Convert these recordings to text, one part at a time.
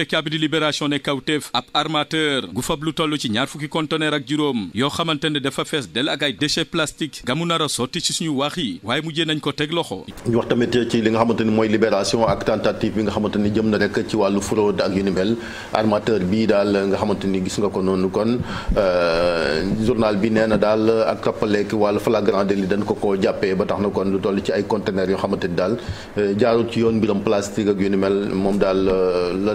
yéenekaay bi di libération ne kawteef ab armateur gu fab lu toll ci ñaar fukki conteneur ak juróom yoo xamante ne dafa fees del ak ay déchets plastiques gamu nar a sotti ci suñu wax yi waaye mujjee nañ ko teg loxo. ñu wax tamit ci li nga xamante ni mooy libération ak tentative bi nga xamante ni jëm na rek ci wàllu fraude ak yu ni mel armateur bii daal nga xamante ni gis nga ko noonu kon euh, journal bi nee na daal ak toppaleeg wàllu flagrant délit dañ ko ko jàppe ba tax na kon lu toll ci ay conteneurs yoo xamante ni daal euh, jaarul ci yoon mbiram moom daal euh,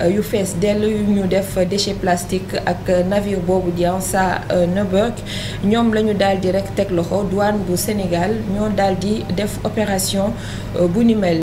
Euh, yu fees dell yu ñu def déchet plastique ak euh, navire boobu di Ansa euh, Neuberg ñoom la ñu daal rek teg loxo douane bu Sénégal ñoo daal di def opération bu ni